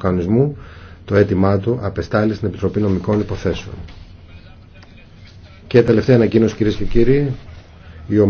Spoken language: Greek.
κανονισμού το αίτημά του απεστάλει στην Επιτροπή Νομικών Υποθέσεων. Και τελευταία ανακοίνωση κυρίε και κύριοι, η